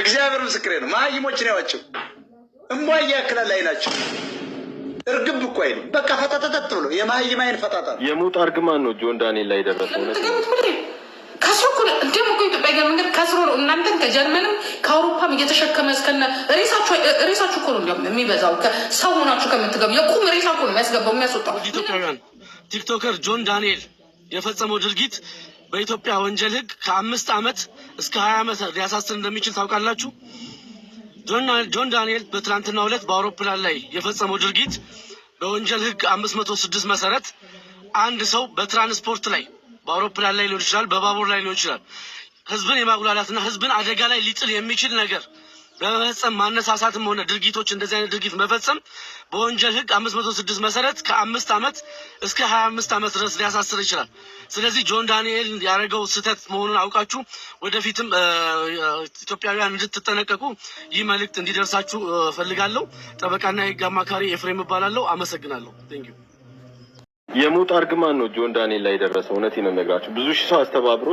እግዚአብሔር ምስክሬ ነው። መሀይሞችን ያዋቸው እሟ እያክላል ናቸው። እርግብ እኮ አይሉ በቃ ፈጠጠጠጥ ብሎ የመሀይም አይን ፈጣጣ የሞት አርግማን ነው ጆን ዳንኤል ላይ ደረሰው። ከስሮ እኮ ኢትዮጵያ አየር መንገድ ከስሮ ነው እናንተን ከጀርመንም ከአውሮፓም እየተሸከመ እስከነ ሬሳችሁ እኮ ነው እንዲያውም የሚበዛው ሰው ሆናችሁ ከምትገቡ የቁም ሬሳ እኮ ነው የሚያስገባው የሚያስወጣው። ቲክቶከር ጆን ዳንኤል የፈጸመው ድርጊት በኢትዮጵያ ወንጀል ህግ ከአምስት ዓመት እስከ ሀያ ዓመት ሊያሳስር እንደሚችል ታውቃላችሁ። ጆን ዳንኤል በትናንትናው ዕለት በአውሮፕላን ላይ የፈጸመው ድርጊት በወንጀል ህግ አምስት መቶ ስድስት መሰረት አንድ ሰው በትራንስፖርት ላይ በአውሮፕላን ላይ ሊሆን ይችላል፣ በባቡር ላይ ሊሆን ይችላል፣ ህዝብን የማጉላላትና ህዝብን አደጋ ላይ ሊጥል የሚችል ነገር በመፈጸም ማነሳሳትም ሆነ ድርጊቶች እንደዚህ አይነት ድርጊት መፈጸም በወንጀል ህግ አምስት መቶ ስድስት መሰረት ከአምስት ዓመት እስከ ሀያ አምስት ዓመት ድረስ ሊያሳስር ይችላል። ስለዚህ ጆን ዳንኤል ያደረገው ስህተት መሆኑን አውቃችሁ ወደፊትም ኢትዮጵያውያን እንድትጠነቀቁ ይህ መልእክት እንዲደርሳችሁ ፈልጋለሁ። ጠበቃና የህግ አማካሪ ኤፍሬም እባላለሁ። አመሰግናለሁ። ቴንኪው። የሞት አርግማን ነው ጆን ዳንኤል ላይ የደረሰው። እውነቴን ነው የምነግራችሁ ብዙ ሺህ ሰው አስተባብሮ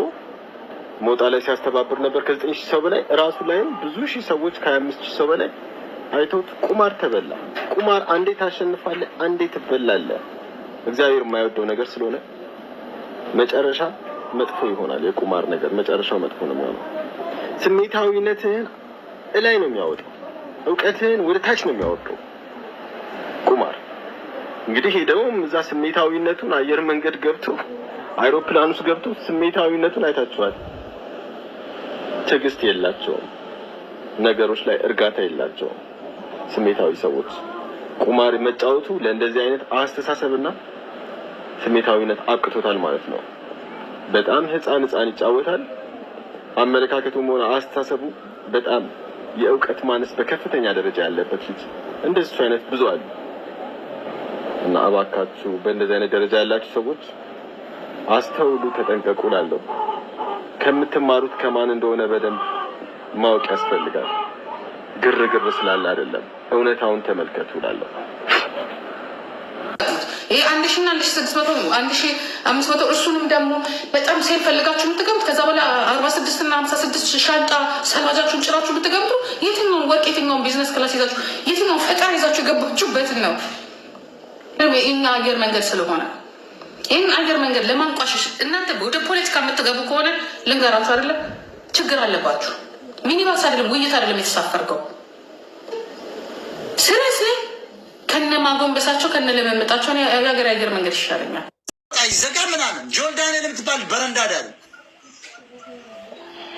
ሞጣ ላይ ሲያስተባብር ነበር። ከዘጠኝ ሺህ ሰው በላይ ራሱ ላይም ብዙ ሺህ ሰዎች ከሀያ አምስት ሺህ ሰው በላይ አይተውት ቁማር ተበላ። ቁማር አንዴ ታሸንፋለህ፣ አንዴ ትበላለህ። እግዚአብሔር የማይወደው ነገር ስለሆነ መጨረሻ መጥፎ ይሆናል። የቁማር ነገር መጨረሻው መጥፎ ነው የሚሆነው። ስሜታዊነትህን እላይ ነው የሚያወጣው፣ እውቀትህን ወደ ታች ነው የሚያወጣው ቁማር። እንግዲህ ሄደውም እዛ ስሜታዊነቱን አየር መንገድ ገብቶ አይሮፕላን ውስጥ ገብቶ ስሜታዊነቱን አይታችኋል። ትዕግስት የላቸውም። ነገሮች ላይ እርጋታ የላቸውም። ስሜታዊ ሰዎች ቁማር መጫወቱ ለእንደዚህ አይነት አስተሳሰብና ስሜታዊነት አብቅቶታል ማለት ነው። በጣም ህፃን ህፃን ይጫወታል። አመለካከቱም ሆነ አስተሳሰቡ በጣም የእውቀት ማነስ በከፍተኛ ደረጃ ያለበት ልጅ እንደዚህ አይነት ብዙ አሉ እና እባካችሁ በእንደዚህ አይነት ደረጃ ያላችሁ ሰዎች አስተውሉ፣ ተጠንቀቁ ላለሁ ከምትማሩት ከማን እንደሆነ በደንብ ማወቅ ያስፈልጋል። ግርግር ስላለ አይደለም። እውነታውን ተመልከቱ ላለሁ ይህ አንድ ሺ እና አንድ ሺ ስድስት መቶ አንድ ሺ አምስት መቶ እሱንም ደግሞ በጣም ሴል ፈልጋችሁ ከዛ በኋላ አርባ ስድስት እና ሀምሳ ስድስት ሻንጣ ሰልባጃችሁን ጭራችሁ የምትገምቱ የትኛውን ወርቅ የትኛውን ቢዝነስ ክላስ ይዛችሁ የትኛውን ፈጣሪ ይዛችሁ የገባችሁበትን ነው። ይህን አየር መንገድ ስለሆነ ይህን አየር መንገድ ለማንቋሸሽ እናንተ ወደ ፖለቲካ የምትገቡ ከሆነ ልንገራችሁ፣ አይደለም ችግር አለባችሁ። ሚኒባስ አይደለም ውይይት አይደለም የተሳፈርገው? ስለዚህ ከነ ማጎንበሳቸው ከነ ለመመጣቸው የሀገር አየር መንገድ ይሻለኛል። ዘጋ ምናምን ጆርዳን የምትባል በረንዳ ዳሉ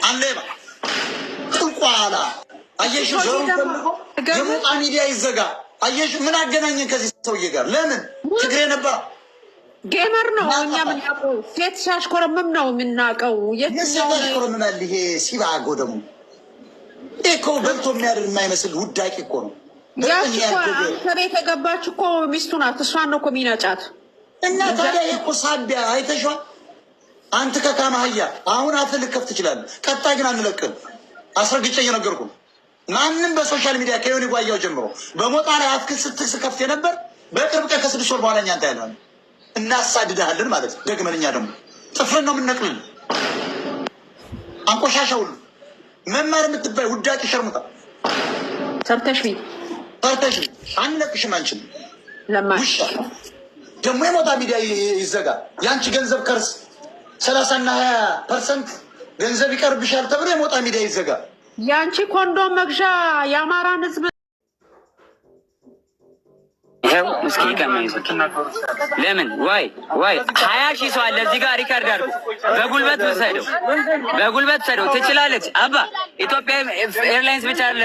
አንሌባ ጥንቋላ አየሽ፣ ዞሩ የሞቃ ሚዲያ ይዘጋ። አየሽ፣ ምን አገናኘን ከዚህ ሰውዬ ጋር? ለምን ትግሬ ነበር ጌመር ነው። እኛ ምናቀው ሴት ሲያሽኮረምም ነው የምናውቀው። የትኛውሽኮረምናል? ይሄ ሲባጎ ደግሞ እኮ በልቶ የሚያድር የማይመስል ውዳቂ እኮ ነው። ያች ቤት የገባች እኮ ሚስቱ ናት። እሷን ነው እኮ የሚነጫት። እና ታዲያ እኮ ሳቢያ አይተሿል። አንተ ከካማ አህያ አሁን አፍ ልከፍ ትችላለህ። ቀጣይ ግን አንለቅም። አስረግጬ እየነገርኩ ማንም በሶሻል ሚዲያ ከዮኒ ጓያው ጀምሮ በሞጣ ላይ አፍክን ስትከፍት የነበር በቅርብ ቀን ከስድስት ወር በኋላ እኛ አንተ እናሳድድሃለን ማለት ደግመልኛ ደግሞ ጥፍርን ነው የምንነቅልን። አንቆሻሻ ሁሉ መማር የምትባይ ውዳቂ ሸርሙጣ ሰርተሽ ሰርተሽ አንነቅሽም። አንችል ለማ ደግሞ የሞጣ ሚዲያ ይዘጋ። የአንቺ ገንዘብ ከርስ ሰላሳና ሀያ ፐርሰንት ገንዘብ ይቀርብሻል ተብሎ የሞጣ ሚዲያ ይዘጋ። የአንቺ ኮንዶም መግዣ የአማራን ህዝብ እስኪ ቀመኝ። ለምን ዋይ ዋይ፣ ሀያ ሺህ ሰው አለ እዚህ ጋር ሪከርድ አድርጉ። በጉልበት ውሰደው፣ በጉልበት ውሰደው። ትችላለች አባ ኢትዮጵያ ኤርላይንስ ብቻ አለ